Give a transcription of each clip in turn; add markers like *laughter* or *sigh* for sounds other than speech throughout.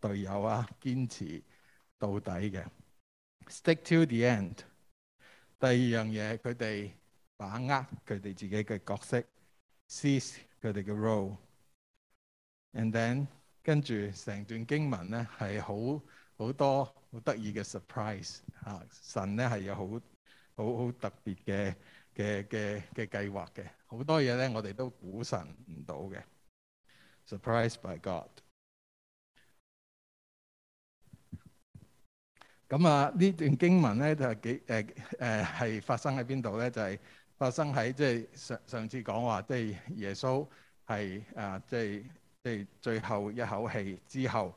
隊友啊，堅持到底嘅，stick to the end。第二樣嘢，佢哋把握佢哋自己嘅角色，seize 佢哋嘅 role。And then 跟住成段經文咧，係好好多好得意嘅 surprise。嚇，神咧係有好好好特別嘅嘅嘅嘅計劃嘅，好多嘢咧我哋都估神唔到嘅，surprise by God。咁啊！呢段經文咧就係幾誒誒係發生喺邊度咧？就係、是、發生喺即係上上次講話，即係耶穌係啊，即係即係最後一口氣之後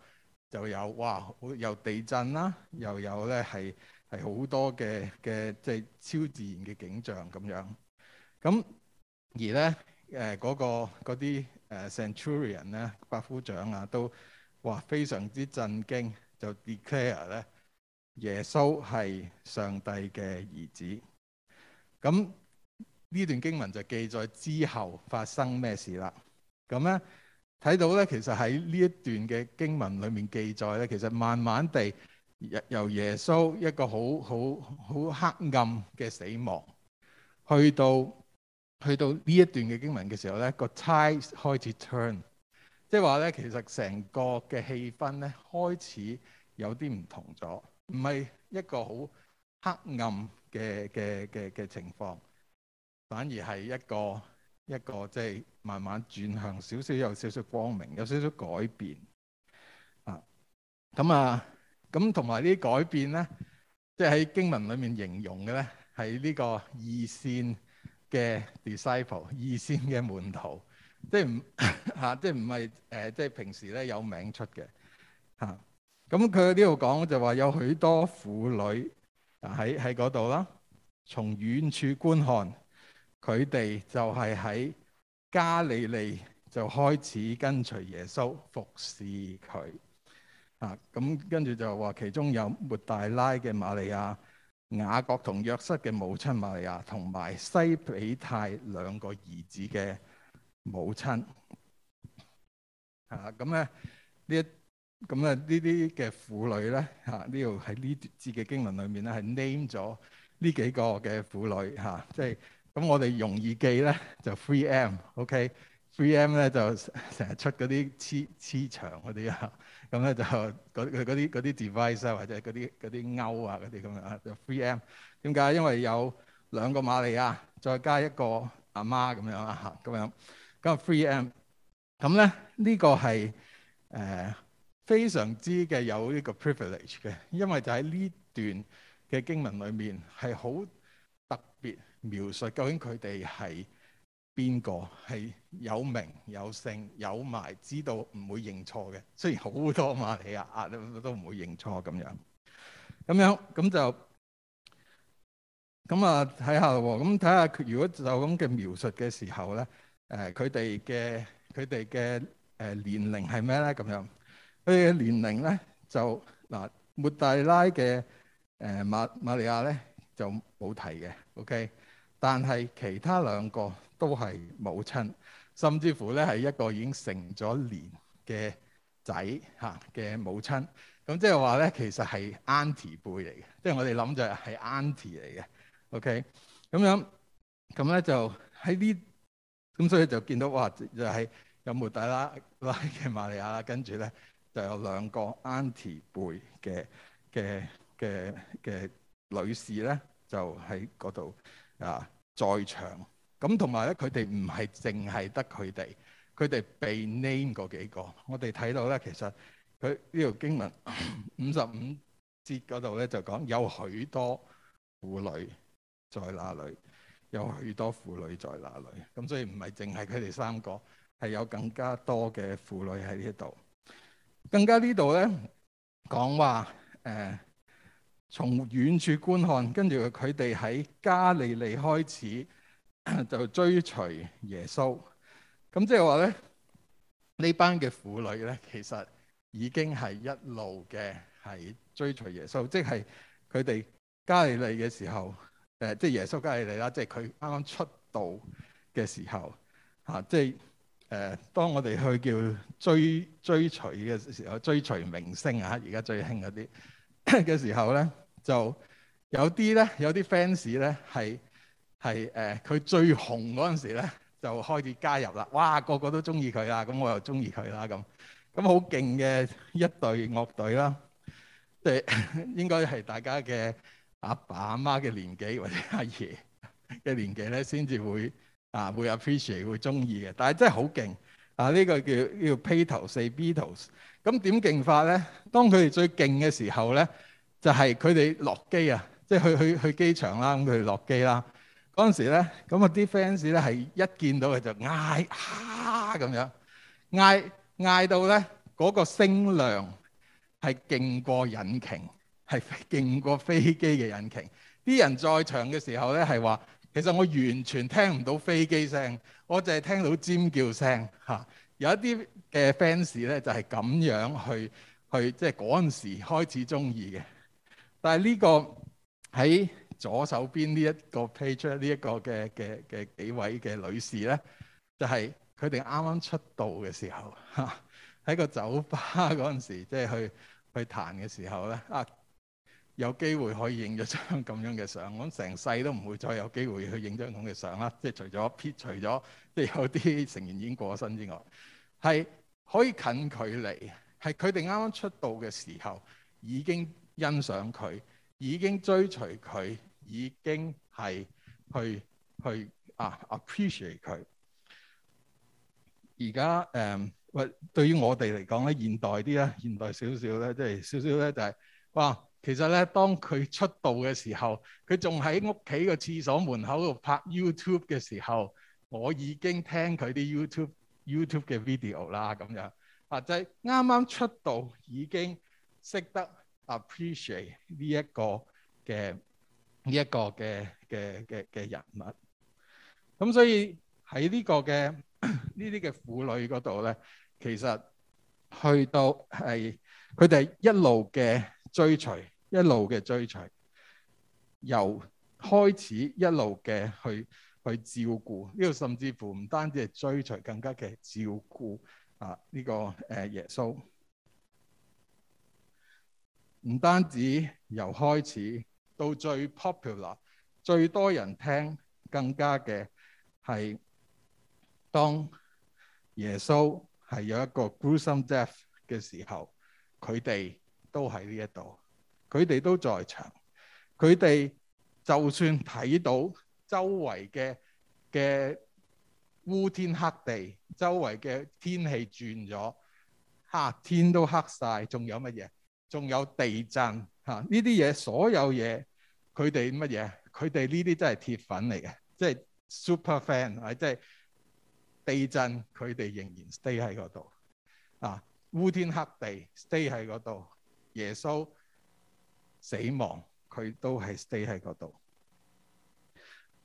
就有哇，又地震啦，又有咧係係好多嘅嘅即係超自然嘅景象咁樣。咁而咧誒嗰個嗰啲誒 centurion 咧百夫長啊，都哇非常之震驚，就 declare 咧。耶穌係上帝嘅兒子，咁呢段經文就記載之後發生咩事啦？咁咧睇到咧，其實喺呢一段嘅經文裏面記載咧，其實慢慢地由耶穌一個好好好黑暗嘅死亡，去到去到呢一段嘅經文嘅時候咧，這個 tie 開始 turn，即係話咧，其實成個嘅氣氛咧開始有啲唔同咗。唔係一個好黑暗嘅嘅嘅嘅情況，反而係一個一個即係慢慢轉向少少有少少光明，有少少改變啊。咁啊，咁同埋呢改變咧，即係喺經文裏面形容嘅咧，係呢個二綫嘅 disciple，二綫嘅門徒，即係唔吓，即係唔係誒，即係平時咧有名出嘅吓。啊咁佢呢度講就話有許多婦女啊，喺喺嗰度啦，從遠處觀看，佢哋就係喺加利利就開始跟隨耶穌服侍佢啊。咁跟住就話其中有末大拉嘅瑪利亞、雅各同約瑟嘅母親瑪利亞，同埋西比泰兩個兒子嘅母親。啊。咁咧呢一咁咧呢啲嘅婦女咧嚇，呢度喺呢節嘅經文裏面咧係 name 咗呢幾個嘅婦女嚇，即係咁我哋容易記咧就 Three M。OK Three M 咧就成日出嗰啲黐黐牆嗰啲啊，咁咧就嗰啲啲 device 啊，或者嗰啲嗰啲鈎啊嗰啲咁樣啊，就 Three M 點解？因為有兩個瑪利亞，再加一個阿媽咁樣啊，咁樣咁 Three M，咁咧呢、呢個係誒。呃非常之嘅有呢個 privilege 嘅，因為就喺呢段嘅經文裏面係好特別描述究竟佢哋係邊個，係有名有姓，有埋知道唔會認錯嘅。雖然好多馬利亞啊都唔會認錯咁樣咁樣咁就咁啊睇下喎，咁睇下佢如果就咁嘅描述嘅時候咧，誒佢哋嘅佢哋嘅誒年齡係咩咧？咁樣。佢嘅年齡咧就嗱抹大拉嘅誒瑪瑪利亞咧就冇提嘅，OK，但係其他兩個都係母親，甚至乎咧係一個已經成咗年嘅仔嚇嘅母親，咁即係話咧其實係 auntie 輩嚟嘅，即係我哋諗就係 auntie 嚟嘅，OK，咁樣咁咧就喺呢咁所以就見到哇就係有抹大拉拉嘅瑪利亞喇跟住咧。就有兩個安提輩嘅嘅嘅嘅女士咧，就喺嗰度啊，在場咁。同埋咧，佢哋唔係淨係得佢哋，佢哋被 name 嗰幾個，我哋睇到咧，其實佢呢條經文五十五節嗰度咧就講有許多婦女在那裡，有許多婦女在那裡咁，所以唔係淨係佢哋三個，係有更加多嘅婦女喺呢度。更加呢度咧講話誒，從、呃、遠處觀看，跟住佢哋喺加利利開始就追隨耶穌。咁、嗯、即係話咧，呢班嘅婦女咧，其實已經係一路嘅係追隨耶穌，即係佢哋加利利嘅時候，誒、呃，即係耶穌加利利啦，即係佢啱啱出道嘅時候，嚇、啊，即係。誒，當我哋去叫追追隨嘅時候，追隨明星啊，而家最興嗰啲嘅時候咧，就有啲咧，有啲 fans 咧係係誒，佢、呃、最紅嗰陣時咧就開始加入啦，哇，個個都中意佢啦，咁我又中意佢啦咁，咁好勁嘅一隊樂隊啦，即、就、係、是、應該係大家嘅阿爸阿媽嘅年紀或者阿爺嘅年紀咧，先至會。啊，會 appreciate 會中意嘅，但係真係好勁啊！呢、這個叫、這個、叫披頭四 Beatles。咁點勁法咧？當佢哋最勁嘅時候咧，就係佢哋落機啊，即係去去去機場啦，咁佢哋落機啦。嗰陣時咧，咁啊啲 fans 咧係一見到佢就嗌「啊！」咁樣，嗌嗌到咧嗰、那個聲量係勁過引擎，係勁過飛機嘅引擎。啲人在場嘅時候咧係話。其實我完全聽唔到飛機聲，我淨係聽到尖叫聲嚇。有一啲嘅 fans 咧就係咁樣去去，即係嗰陣時開始中意嘅。但係呢個喺左手邊呢一個 page 呢一個嘅嘅嘅幾位嘅女士咧，就係佢哋啱啱出道嘅時候嚇，喺個酒吧嗰陣時即係去去彈嘅時候咧啊。有機會可以影咗張咁樣嘅相，我諗成世都唔會再有機會去影張咁嘅相啦，即係除咗撇除咗，即係有啲成員已經過咗身之外，係可以近距離，係佢哋啱啱出道嘅時候已經欣賞佢，已經追隨佢，已經係去去啊 appreciate 佢。而家誒，或、嗯、對於我哋嚟講咧，現代啲咧，現代少少咧，即係少少咧就係、是就是、哇～其實咧，當佢出道嘅時候，佢仲喺屋企個廁所門口度拍 YouTube 嘅時候，我已經聽佢啲 YouTube YouTube 嘅 video 啦，咁樣啊，就係啱啱出道已經識得 appreciate 呢一個嘅呢一個嘅嘅嘅嘅人物。咁所以喺呢個嘅呢啲嘅婦女嗰度咧，其實去到係佢哋一路嘅追隨。一路嘅追隨，由開始一路嘅去去照顧呢個，甚至乎唔單止係追隨，更加嘅照顧啊呢個誒耶穌。唔單止由開始到最 popular 最多人聽，更加嘅係當耶穌係有一個 gruesome death 嘅時候，佢哋都喺呢一度。佢哋都在場，佢哋就算睇到周圍嘅嘅烏天黑地，周圍嘅天氣轉咗，嚇，天都黑晒，仲有乜嘢？仲有地震嚇呢啲嘢，所有嘢佢哋乜嘢？佢哋呢啲真係鐵粉嚟嘅，即係 super fan，係即係地震佢哋仍然 stay 喺嗰度啊，烏天黑地 stay 喺嗰度，耶穌。死亡佢都係 stay 喺嗰度，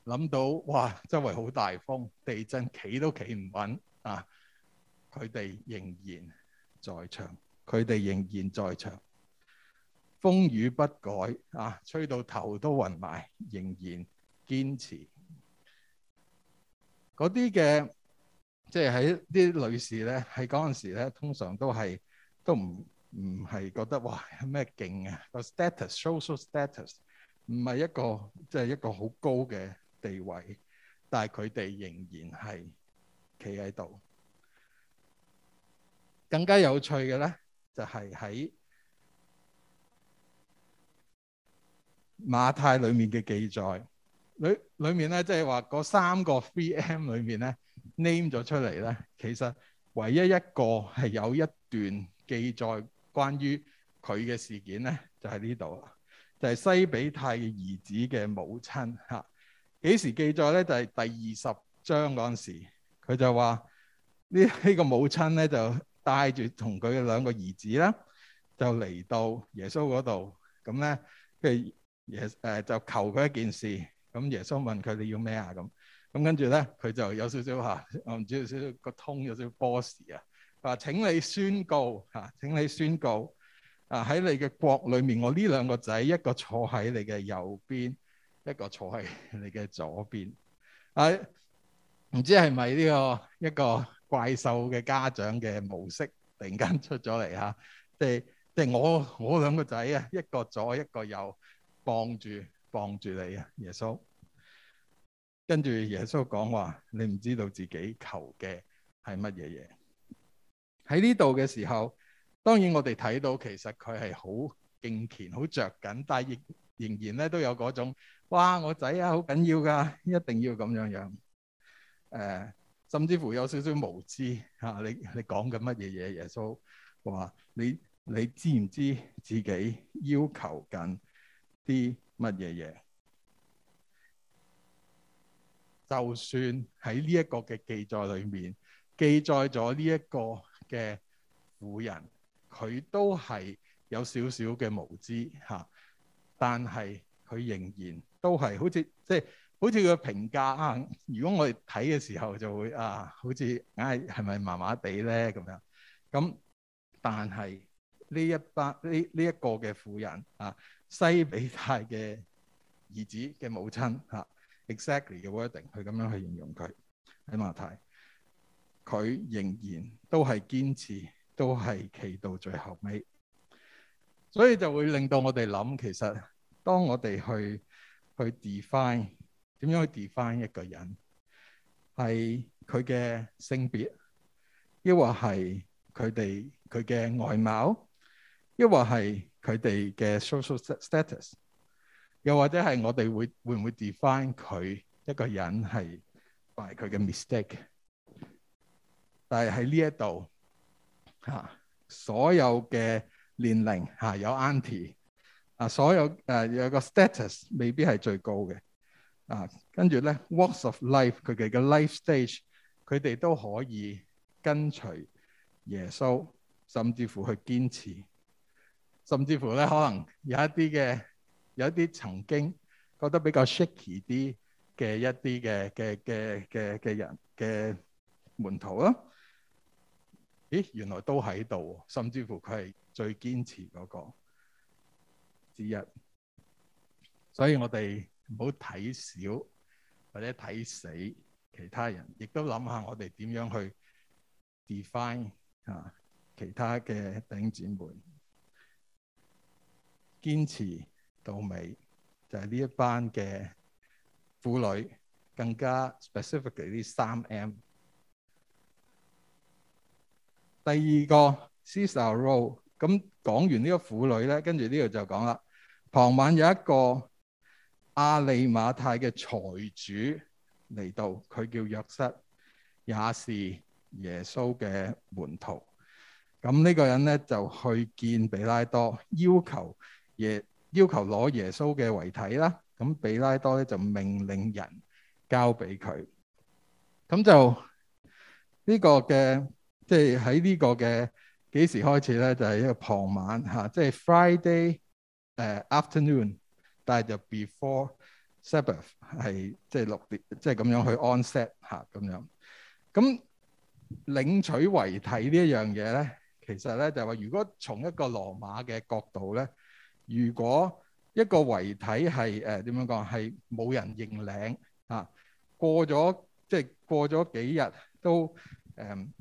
諗到哇，周圍好大風、地震站都站不，企都企唔穩啊！佢哋仍然在場，佢哋仍然在場，風雨不改啊！吹到頭都暈埋，仍然堅持。嗰啲嘅即係喺啲女士咧，喺嗰陣時咧，通常都係都唔。唔係覺得哇咩勁啊，個 status social status 唔係一個即係一個好高嘅地位，但係佢哋仍然係企喺度。更加有趣嘅咧，就係喺馬太裏面嘅記載裏裏面咧，即係話嗰三個 t M 裏面咧 *laughs* ，name 咗出嚟咧，其實唯一一個係有一段記載。關於佢嘅事件咧，就喺呢度啦。就係、是、西比泰嘅兒子嘅母親嚇，幾時記載咧？就係、是、第二十章嗰陣時，佢就話呢呢個母親咧就帶住同佢嘅兩個兒子啦，就嚟到耶穌嗰度。咁、嗯、咧，跟住耶誒就求佢一件事。咁、嗯、耶穌問佢，你要咩啊？咁、嗯、咁跟住咧，佢就有少少嚇，我、啊、唔知少少有少少個通有少少波士啊。啊！請你宣告，嚇！請你宣告，啊！喺你嘅國裏面，我呢兩個仔，一個坐喺你嘅右邊，一個坐喺你嘅左邊，哎這個。啊！唔知係咪呢個一個怪獸嘅家長嘅模式，突然間出咗嚟嚇？即係即係我我兩個仔啊，一個左一個右，傍住傍住你啊，耶穌。跟住耶穌講話，你唔知道自己求嘅係乜嘢嘢？喺呢度嘅時候，當然我哋睇到其實佢係好敬虔、好着緊，但係亦仍然咧都有嗰種，哇！我仔啊，好緊要噶，一定要咁樣樣。誒、呃，甚至乎有少少無知吓、啊，你你講緊乜嘢嘢？耶穌話：你你知唔知自己要求緊啲乜嘢嘢？就算喺呢一個嘅記載裏面，記載咗呢一個。嘅婦人，佢都係有少少嘅無知嚇、啊，但係佢仍然都係好似即係好似佢嘅評價啊！如果我哋睇嘅時候就會啊，好似唉，係咪麻麻地咧咁樣？咁但係呢一班呢呢一個嘅婦人啊，西比泰嘅兒子嘅母親嚇、啊，exactly 嘅 wording，佢咁樣去形容佢喺馬太。佢仍然都係堅持，都係企到最後尾，所以就會令到我哋諗，其實當我哋去去 define 點樣去 define 一個人，係佢嘅性別，抑或係佢哋佢嘅外貌，抑或係佢哋嘅 social status，又或者係我哋會會唔會 define 佢一個人係 by 佢嘅 mistake？但係喺呢一度嚇，所有嘅年齡嚇，有 Auntie 啊，所有誒有個 status 未必係最高嘅啊。跟住咧，walks of life，佢哋嘅 life stage，佢哋都可以跟隨耶穌，甚至乎去堅持，甚至乎咧可能有一啲嘅有一啲曾經覺得比較 shaky 啲嘅一啲嘅嘅嘅嘅嘅人嘅門徒咯。咦，原來都喺度，甚至乎佢係最堅持嗰個之一。所以我哋唔好睇少或者睇死其他人，亦都諗下我哋點樣去 define 啊其他嘅弟兄姊妹堅持到尾就係呢一班嘅婦女，更加 specifically 啲三 M。第二個 Sister Rose 咁講完呢個婦女咧，跟住呢度就講啦。傍晚有一個亞利馬太嘅財主嚟到，佢叫約瑟，也是耶穌嘅門徒。咁呢個人咧就去見比拉多，要求耶要求攞耶穌嘅遺體啦。咁比拉多咧就命令人交俾佢。咁就呢、這個嘅。即係喺呢個嘅幾時開始咧？就係、是、一個傍晚嚇，即、啊、係、就是、Friday 誒、uh, afternoon，但係就 before Sabbath 即係、就是、六點，即係咁樣去 onset 嚇、啊、咁樣。咁領取遺體呢一樣嘢咧，其實咧就係話，如果從一個羅馬嘅角度咧，如果一個遺體係誒點樣講係冇人認領嚇、啊，過咗即係過咗幾日都誒。嗯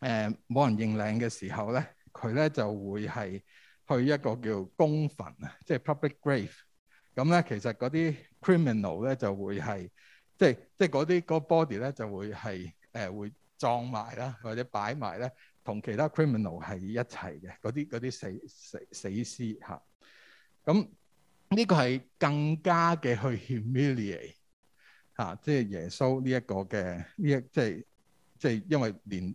誒冇人認領嘅時候咧，佢咧就會係去一個叫公墳啊，即係 public grave。咁咧其實嗰啲 criminal 咧就會係即係即係嗰啲嗰 body 咧就會係誒會撞埋啦，或者擺埋咧同其他 criminal 係一齊嘅嗰啲嗰啲死死死屍嚇。咁呢個係更加嘅去 humiliate 嚇，即係耶穌呢一個嘅呢一即係即係因為連。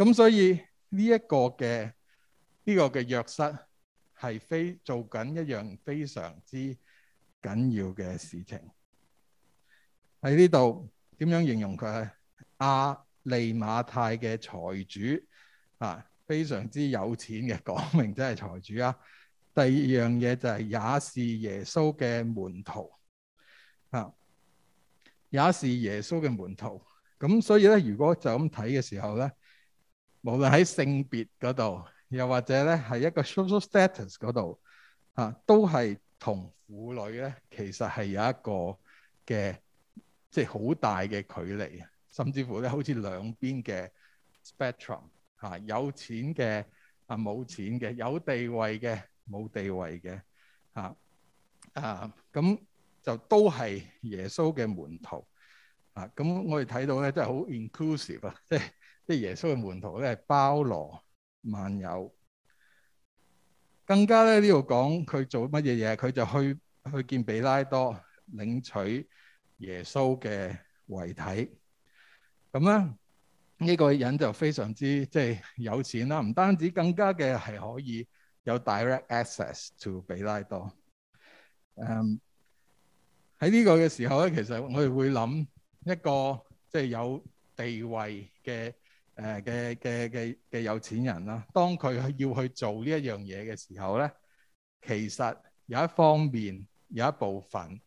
咁所以呢、這個這個、一個嘅呢個嘅約瑟係非做緊一樣非常之緊要嘅事情。喺呢度點樣形容佢啊？亞利馬太嘅財主啊，非常之有錢嘅，講明真係財主啊。第二樣嘢就係也是耶穌嘅門徒啊，也是耶穌嘅門徒。咁所以咧，如果就咁睇嘅時候咧。無論喺性別嗰度，又或者咧，係一個 social status 嗰度，啊，都係同婦女咧，其實係有一個嘅，即係好大嘅距離，甚至乎咧，好似兩邊嘅 spectrum，啊，有錢嘅啊，冇錢嘅，有地位嘅，冇地位嘅，啊啊，咁就都係耶穌嘅門徒啊！咁我哋睇到咧，真係好 inclusive 啊，即係。即係耶穌嘅門徒咧，係包羅萬有，更加咧呢度講佢做乜嘢嘢，佢就去去見比拉多領取耶穌嘅遺體。咁咧呢個人就非常之即係有錢啦，唔單止，更加嘅係可以有 direct access to 比拉多。嗯，喺呢個嘅時候咧，其實我哋會諗一個即係有地位嘅。誒嘅嘅嘅嘅有錢人啦，當佢要去做呢一樣嘢嘅時候咧，其實有一方面有一部分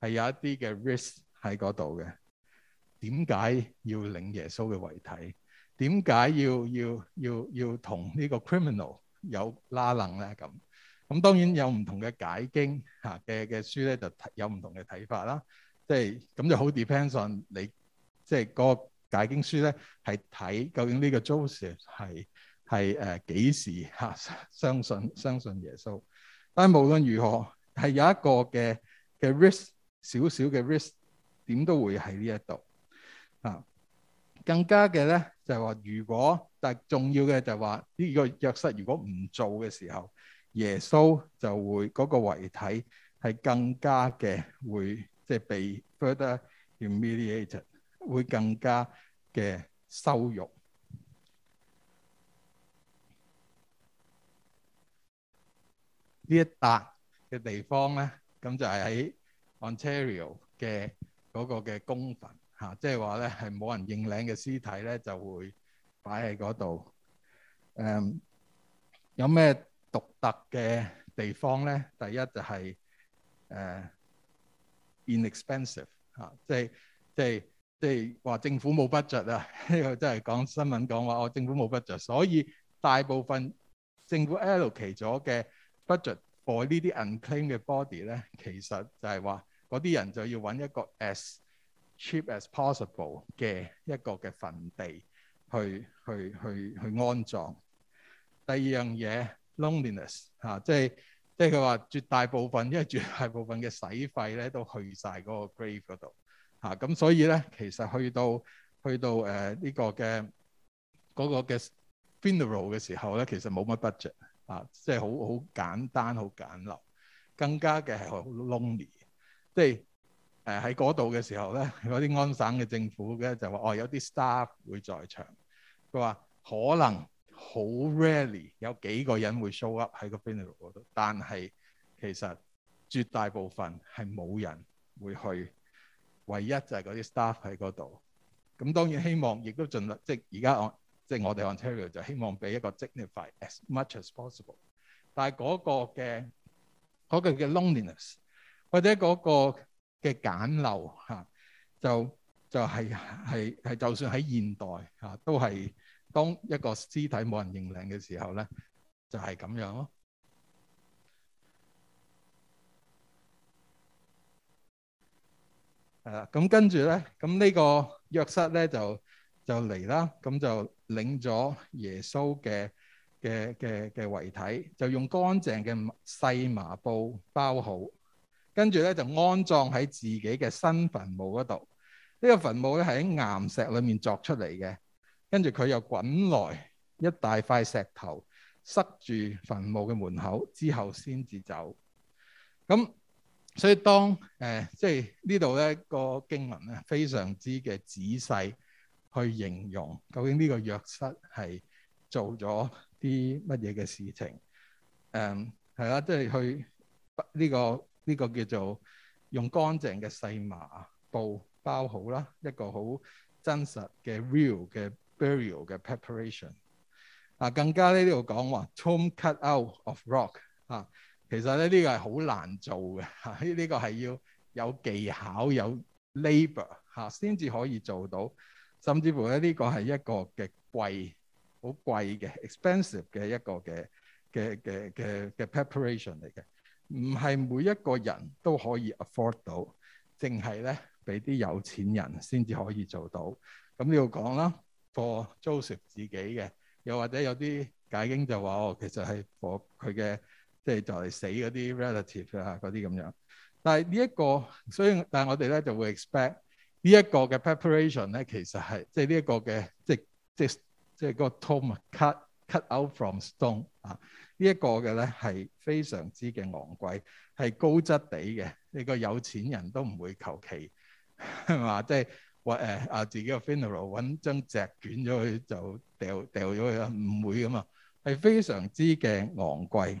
係有一啲嘅 risk 喺嗰度嘅。點解要領耶穌嘅遺體？點解要要要要同呢個 criminal 有拉楞咧？咁咁當然有唔同嘅解經嚇嘅嘅書咧，就有唔同嘅睇法啦。即係咁就好 depends on 你，即係嗰。解經書咧，係睇究竟呢個 Joseph 係係誒幾時、啊、相信相信耶穌。但係無論如何，係有一個嘅嘅 risk 少少嘅 risk，點都會喺呢一度啊。更加嘅咧就係話，如果但係重要嘅就係話，呢、這個約室如果唔做嘅時候，耶穌就會嗰、那個遺體係更加嘅會即係、就是、被 further humiliated 會更加嘅羞辱。呢一笪嘅地方咧，咁就係喺 Ontario 嘅嗰個嘅公墳嚇，即係話咧係冇人認領嘅屍體咧就會擺喺嗰度。誒，有咩獨特嘅地方咧？第一就係誒 inexpensive 嚇，即係即係。即係話政府冇 budget 啊，呢個真係講新聞講話哦，政府冇 budget，所以大部分政府 allocate 咗嘅 budget for 呢啲 unclaimed 嘅 body 咧，其實就係話嗰啲人就要揾一個 as cheap as possible 嘅一個嘅墳地去去去去安葬。第二樣嘢 loneliness 嚇、啊，即係即係佢話絕大部分，因為絕大部分嘅使費咧都去晒嗰個 grave 嗰度。嚇、啊、咁所以咧，其實去到去到誒呢、呃這個嘅嗰、那個嘅 funeral 嘅時候咧，其實冇乜 budget 啊，即係好好簡單、好簡陋。更加嘅係好 lonely 即。即係誒喺嗰度嘅時候咧，嗰啲安省嘅政府咧就話：哦，有啲 staff 會在場。佢話可能好 rarely 有幾個人會 show up 喺個 funeral 度，但係其實絕大部分係冇人會去。唯一就係嗰啲 staff 喺嗰度，咁當然希望亦都盡量，即係而家我即係我哋 Ontario 就希望俾一個 simplify as much as possible，但係嗰個嘅嗰、嗰個嘅 loneliness 或者嗰個嘅簡陋嚇、啊，就就係係係就算喺現代嚇、啊、都係當一個屍體冇人認領嘅時候咧，就係、是、咁樣咯。係、啊、啦，咁跟住咧，咁、這、呢個約室咧就就嚟啦，咁就領咗耶穌嘅嘅嘅嘅遺體，就用乾淨嘅細麻布包好，跟住咧就安葬喺自己嘅新墳墓嗰度。呢、這個墳墓咧係喺岩石裏面鑿出嚟嘅，跟住佢又滾來一大塊石頭塞住墳墓嘅門口，之後先至走。咁、嗯所以當誒即係呢度咧、那個經文咧非常之嘅仔細去形容究竟呢個約瑟係做咗啲乜嘢嘅事情？誒係啦，即係、啊就是、去呢、這個呢、這個叫做用乾淨嘅細麻布包好啦，一個好真實嘅 real 嘅 burial 嘅 preparation。啊，更加喺呢度講話 tomb cut out of rock 啊。其實咧呢、呢個係好難做嘅，呢、呢、呢個係要有技巧有 labor 嚇先至可以做到，甚至乎咧呢、呢個係一個極貴好貴嘅 expensive 嘅一個嘅嘅嘅嘅嘅 preparation 嚟嘅，唔係每一個人都可以 afford 到，淨係咧俾啲有錢人先至可以做到。咁你要講啦，for Joseph 自己嘅，又或者有啲解經就話哦，其實係 for 佢嘅。即係就嚟、是、死嗰啲 relative 啊，嗰啲咁樣。但係呢一個，所以但係我哋咧就會 expect 這呢一個嘅 preparation 咧，其實係即係呢一個嘅，即係即係即係個 tomb cut cut out from stone 啊。呢、這、一個嘅咧係非常之嘅昂貴，係高質地嘅。呢個有錢人都唔會求其係嘛，即係話誒啊自己個 funeral 揾張蓆捲咗去就掉掉咗去啦，唔會㗎嘛，係非常之嘅昂貴。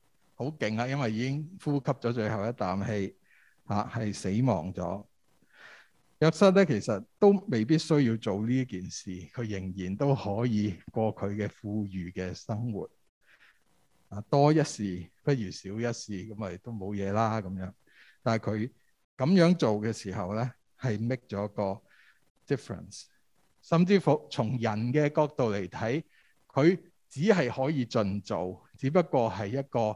好勁啊！因為已經呼吸咗最後一啖氣，嚇係死亡咗。約瑟咧其實都未必需要做呢一件事，佢仍然都可以過佢嘅富裕嘅生活。啊，多一事不如少一事，咁咪都冇嘢啦咁樣。但係佢咁樣做嘅時候咧，係 make 咗個 difference。甚至乎從人嘅角度嚟睇，佢只係可以盡做，只不過係一個。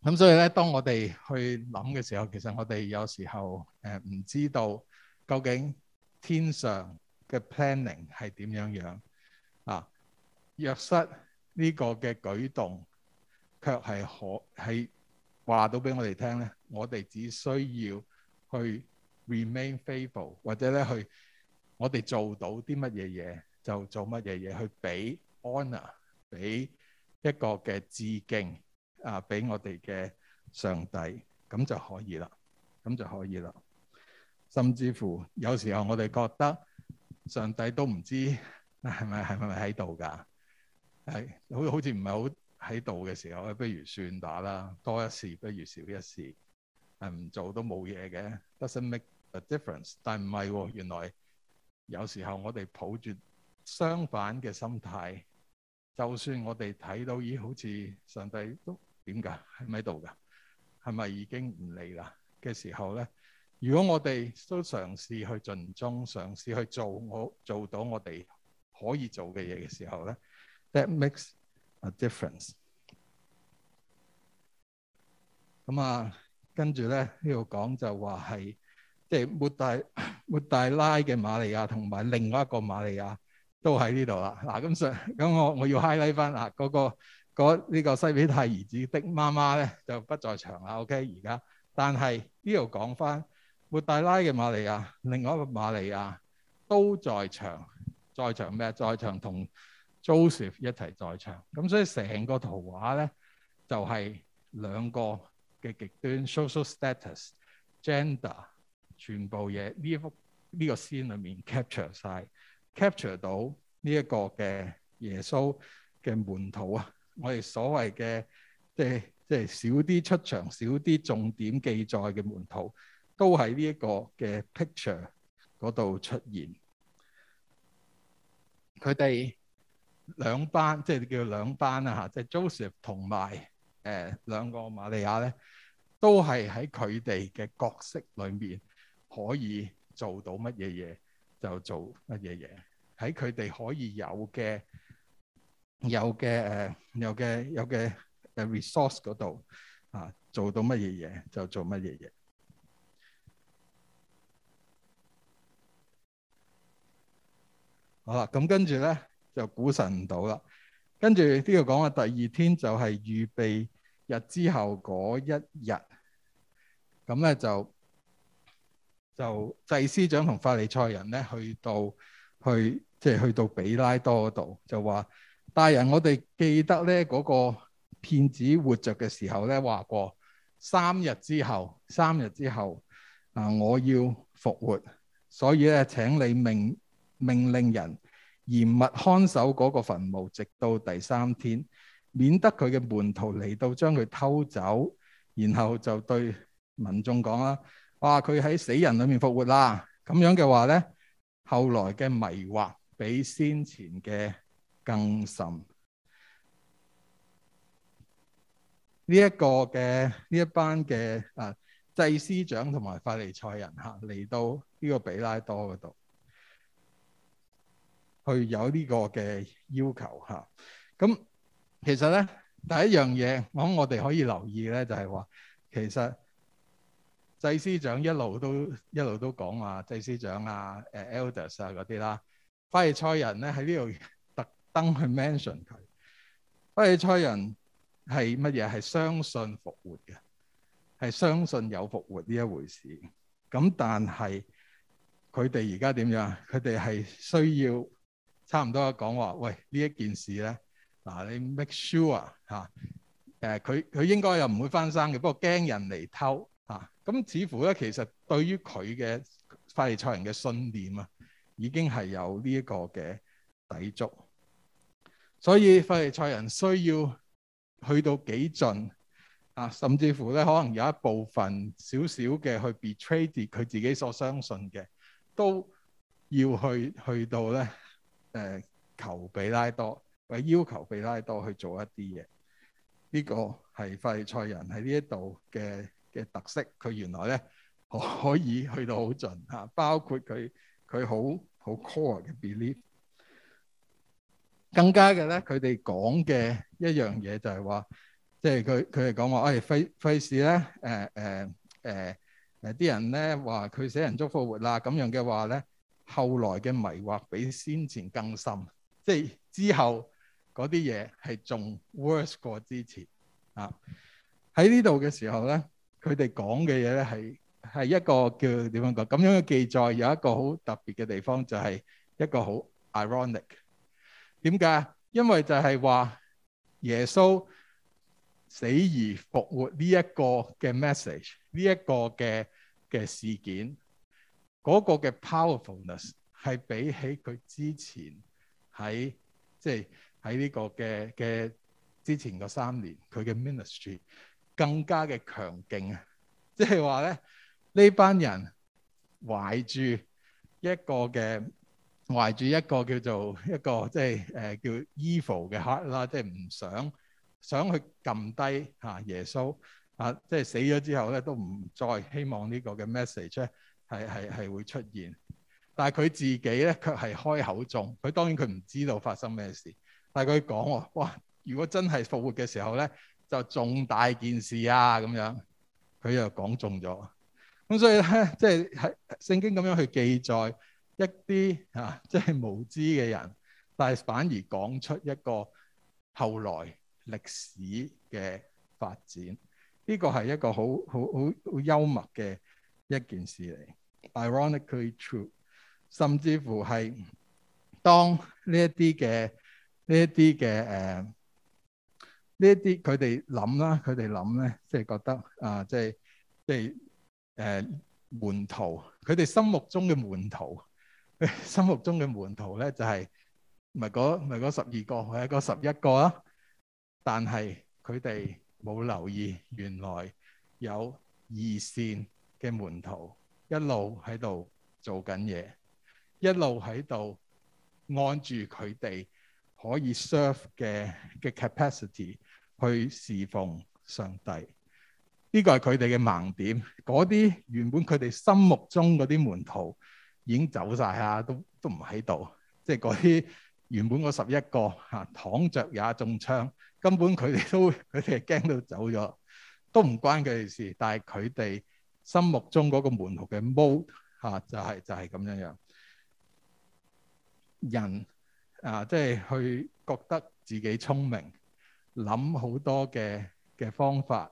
咁所以咧，當我哋去諗嘅時候，其實我哋有時候誒唔知道究竟天上嘅 planning 係點樣樣啊？約瑟呢個嘅舉動，卻係可係話到俾我哋聽咧。我哋只需要去 remain faithful，或者咧去我哋做到啲乜嘢嘢，就做乜嘢嘢，去俾 honour 俾一個嘅致敬。啊！俾我哋嘅上帝咁就可以啦，咁就可以啦。甚至乎有時候我哋覺得上帝都唔知係咪係咪咪喺度㗎，係好好似唔係好喺度嘅時候，不、啊、如算打啦，多一事不如少一事，係、啊、唔做都冇嘢嘅。Doesn't make a difference。但係唔係喎，原來有時候我哋抱住相反嘅心態，就算我哋睇到咦，好似上帝都～點噶？係咪喺度噶？係咪已經唔理啦？嘅時候咧，如果我哋都嘗試去盡忠，嘗試去做我做到我哋可以做嘅嘢嘅時候咧，that makes a difference。咁啊，跟住咧呢度講就話係即係抹大抹大拉嘅瑪利亞同埋另外一個瑪利亞都喺呢度啦。嗱，咁上咁我我要 highlight 翻啊嗰個。呢、那個西庇太兒子的媽媽咧就不在場啦。OK，而家，但係呢度講翻抹大拉嘅瑪利亞，另外一個瑪利亞都在場，在場咩？在場同 Joseph 一齊在場。咁所以成個圖畫咧就係、是、兩個嘅極端 social status、gender，全部嘢呢一幅呢個、這個、scene 裡面 capture 晒 capture 到呢一個嘅耶穌嘅門徒啊。我哋所謂嘅，即係即係少啲出場、少啲重點記載嘅門徒，都喺呢一個嘅 picture 嗰度出現。佢哋兩班，即係叫兩班啊嚇，即係 Joseph 同埋誒兩個瑪利亞咧，都係喺佢哋嘅角色裏面可以做到乜嘢嘢，就做乜嘢嘢。喺佢哋可以有嘅。有嘅有嘅有嘅 resource 嗰度啊，做到乜嘢嘢就做乜嘢嘢。好啦，咁跟住咧就估神唔到啦。跟住呢個講話，第二天就係預備日之後嗰一日，咁咧就就祭司長同法利賽人咧去到去即係、就是、去到比拉多嗰度，就話。大人，我哋記得咧嗰個騙子活着嘅時候咧，話過三日之後，三日之後啊，我要復活，所以咧請你命命令人嚴密看守嗰個墳墓，直到第三天，免得佢嘅門徒嚟到將佢偷走，然後就對民眾講啦：哇！佢喺死人裏面復活啦！咁樣嘅話咧，後來嘅迷惑比先前嘅。更甚呢一個嘅呢一班嘅啊祭司長同埋法利賽人嚇嚟、啊、到呢個比拉多嗰度，去有呢個嘅要求嚇。咁、啊啊、其實咧第一樣嘢，我諗我哋可以留意咧，就係、是、話其實祭司長一路都一路都講話、啊、祭司長啊、誒、啊、elders 啊嗰啲啦，法利賽人咧喺呢度。登去 mention 佢。法利賽人係乜嘢？係相信復活嘅，係相信有復活呢一回事。咁但係佢哋而家點樣？佢哋係需要差唔多講話，喂，呢一件事咧，嗱，你 make sure 嚇、啊、誒，佢佢應該又唔會翻生嘅。不過驚人嚟偷嚇咁，啊、似乎咧其實對於佢嘅法利賽人嘅信念啊，已經係有呢一個嘅抵觸。所以法利賽人需要去到幾盡啊，甚至乎咧可能有一部分少少嘅去 betray 啲佢自己所相信嘅，都要去去到咧、呃、求比拉多，或者要求比拉多去做一啲嘢。呢、呢個係法利賽人喺呢一度嘅嘅特色。佢原來咧可以去到好盡、啊、包括佢佢好好 core 嘅 belief。更加嘅咧，佢哋講嘅一樣嘢就係話，即係佢佢哋講話，哎，費費事咧，誒誒誒誒，啲人咧話佢死人祝復活啦，咁樣嘅話咧，後來嘅迷惑比先前更深，即係之後嗰啲嘢係仲 worse 過之前啊。喺呢度嘅時候咧，佢哋講嘅嘢咧係係一個叫點樣講？咁樣嘅記載有一個好特別嘅地方，就係一個好 ironic。點解？因為就係話耶穌死而復活呢一個嘅 message，呢一個嘅嘅事件，嗰個嘅 powerfulness 係比起佢之前喺即係喺呢個嘅嘅之前嗰三年佢嘅 ministry 更加嘅強勁啊！即係話咧，呢班人懷住一個嘅。懷住一個叫做一個即係，呃、叫 evil 嘅 heart 一啲啊，即係無知嘅人，但係反而講出一個後來歷史嘅發展，呢個係一個好好好好幽默嘅一件事嚟。Ironically true，甚至乎係當呢一啲嘅呢一啲嘅誒呢一啲佢哋諗啦，佢哋諗咧，即係覺得啊，即係即係誒門徒，佢哋心目中嘅門徒。心目中嘅門徒咧、就係，就係咪係嗰十二個，係嗰十一個啊！但係佢哋冇留意，原來有二線嘅門徒一路喺度做緊嘢，一路喺度按住佢哋可以 serve 嘅嘅 capacity 去侍奉上帝。呢個係佢哋嘅盲點。嗰啲原本佢哋心目中嗰啲門徒。已經走晒，啊！都都唔喺度，即係嗰啲原本嗰十一個，嚇躺着也中槍，根本佢哋都佢哋驚到走咗，都唔關佢哋事。但係佢哋心目中嗰個門徒嘅模嚇就係就係咁樣樣人啊，即係去覺得自己聰明，諗好多嘅嘅方法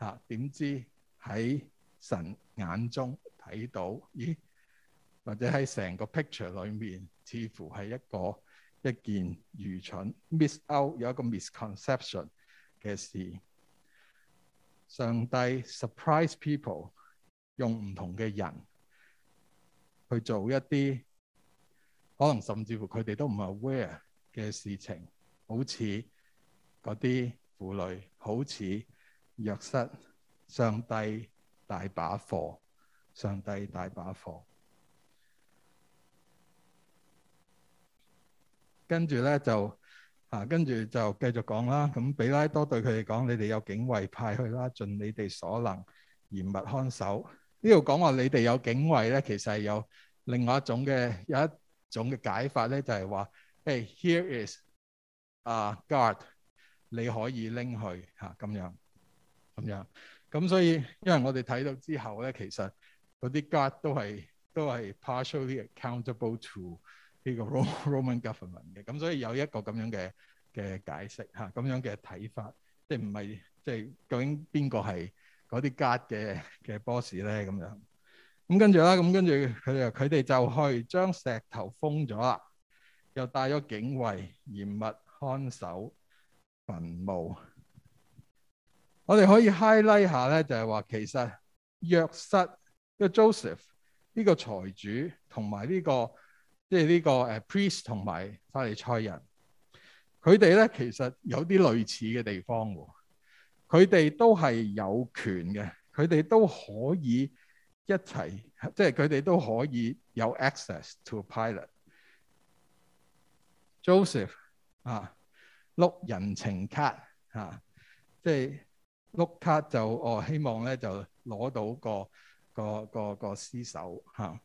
嚇，點知喺神眼中睇到，咦？或者喺成個 picture 裏面，似乎係一個一件愚蠢 miss out，有一個 misconception 嘅事。上帝 surprise people，用唔同嘅人去做一啲可能甚至乎佢哋都唔係 aware 嘅事情，好似嗰啲婦女，好似弱失，上帝大把貨，上帝大把貨。跟住咧就嚇、啊，跟住就繼續講啦。咁比拉多對佢哋講：你哋有警衛派去啦，盡你哋所能嚴密看守。呢度講話你哋有警衛咧，其實係有另外一種嘅有一種嘅解法咧，就係、是、話：，Hey，here is a guard，你可以拎去嚇咁、啊、樣，咁樣。咁所以因為我哋睇到之後咧，其實嗰啲 guard 都係都係 partially accountable to。呢個 Roman government 嘅咁，所以有一個咁樣嘅嘅解釋嚇，咁樣嘅睇法，即係唔係即係究竟邊個係嗰啲 guard 嘅嘅 boss 咧？咁樣咁跟住啦，咁跟住佢哋佢哋就去將石頭封咗啦，又帶咗警衛嚴密看守墳墓。我哋可以 highlight 一下咧，就係話其實約瑟即 Joseph 呢個財主同埋呢個。.即係呢個誒，priest 同埋法利賽人，佢哋咧其實有啲類似嘅地方喎。佢哋都係有權嘅，佢哋都可以一齊，即係佢哋都可以有 access to pilot。Joseph 啊，碌人情卡啊，即係碌卡就我、哦、希望咧就攞到個個個個屍首嚇。啊。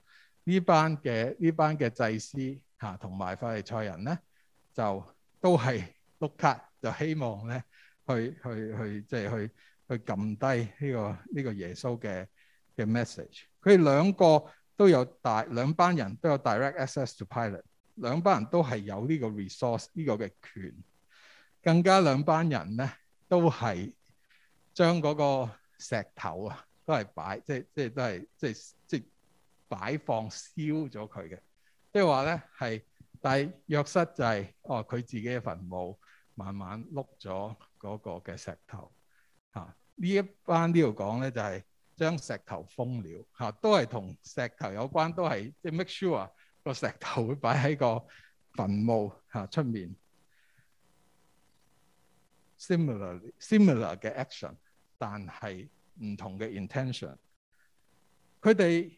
呢班嘅呢班嘅祭司嚇同埋法利賽人咧，就都係碌卡，就希望咧去去、即係、去即係去去撳低呢個呢、呢個耶穌嘅嘅 message。佢哋兩個都有大兩班人都有 direct access to Pilate 兩班人都係有呢個 resource 呢個嘅權。更加兩班人咧都係將嗰個石頭啊，都係擺即係即係都係即係即係。即係即係即係即係擺放燒咗佢嘅，即係話咧係，但係約瑟就係、是、哦，佢自己嘅墳墓，墓慢慢碌咗嗰個嘅石頭，嚇、啊、呢一班呢度講咧就係、是、將石頭封了，嚇、啊、都係同石頭有關，都係即係 make sure 個石頭會擺喺個墳墓嚇出、啊、面。similar similar 嘅 action，但係唔同嘅 intention，佢哋。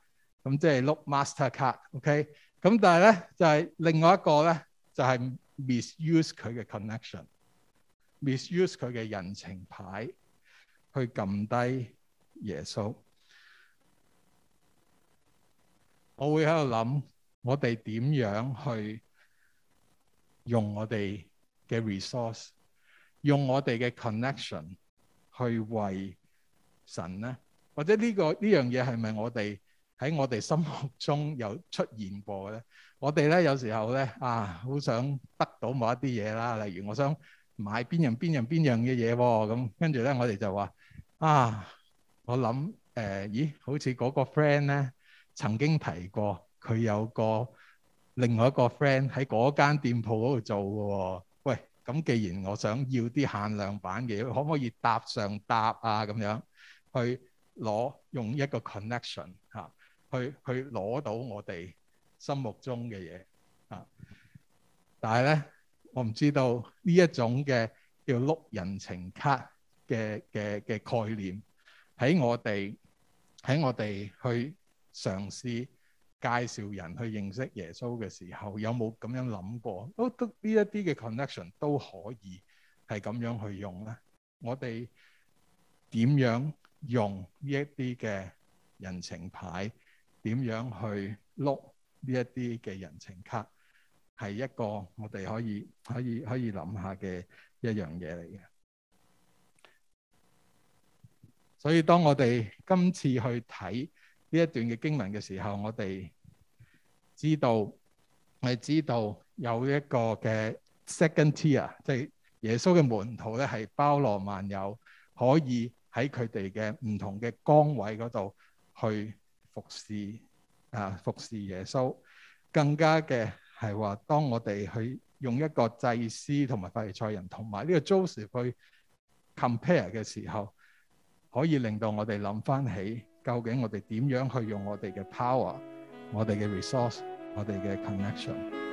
咁即係 look Mastercard，OK？咁但係咧就係另外一個咧，就係 misuse 佢嘅 connection，misuse 佢嘅人情牌去撳低耶穌。我會喺度諗，我哋點樣去用我哋嘅 resource，用我哋嘅 connection 去為神咧？或者呢個呢樣嘢係咪我哋？喺我哋心目中有出現過咧。我哋咧有時候咧啊，好想得到某一啲嘢啦。例如我就說，啊，我想買邊樣邊樣邊樣嘅嘢咁。跟住咧，我哋就話啊，我諗誒，咦，好似嗰個 friend 咧曾經提過，佢有個另外一個 friend 喺嗰間店鋪嗰度做嘅喎、啊。喂，咁既然我想要啲限量版嘅嘢，可唔可以搭上搭啊？咁樣去攞用一個 connection、啊去去攞到我哋心目中嘅嘢啊！但係咧，我唔知道呢一種嘅叫碌人情卡嘅嘅嘅概念，喺我哋喺我哋去嘗試介紹人去認識耶穌嘅時候，有冇咁樣諗過，都都呢一啲嘅 connection 都可以係咁樣去用咧。我哋點樣用呢一啲嘅人情牌？點樣去碌呢一啲嘅人情卡，係一個我哋可以可以可以諗下嘅一樣嘢嚟嘅。所以當我哋今次去睇呢一段嘅經文嘅時候，我哋知道我哋知道有一個嘅 second tier，即係耶穌嘅門徒咧，係包羅萬有，可以喺佢哋嘅唔同嘅崗位嗰度去。服侍啊，服侍耶穌，更加嘅係話，當我哋去用一個祭司同埋法利賽人同埋呢個 Joseph 去 compare 嘅時候，可以令到我哋諗翻起，究竟我哋點樣去用我哋嘅 power、我哋嘅 resource、我哋嘅 connection。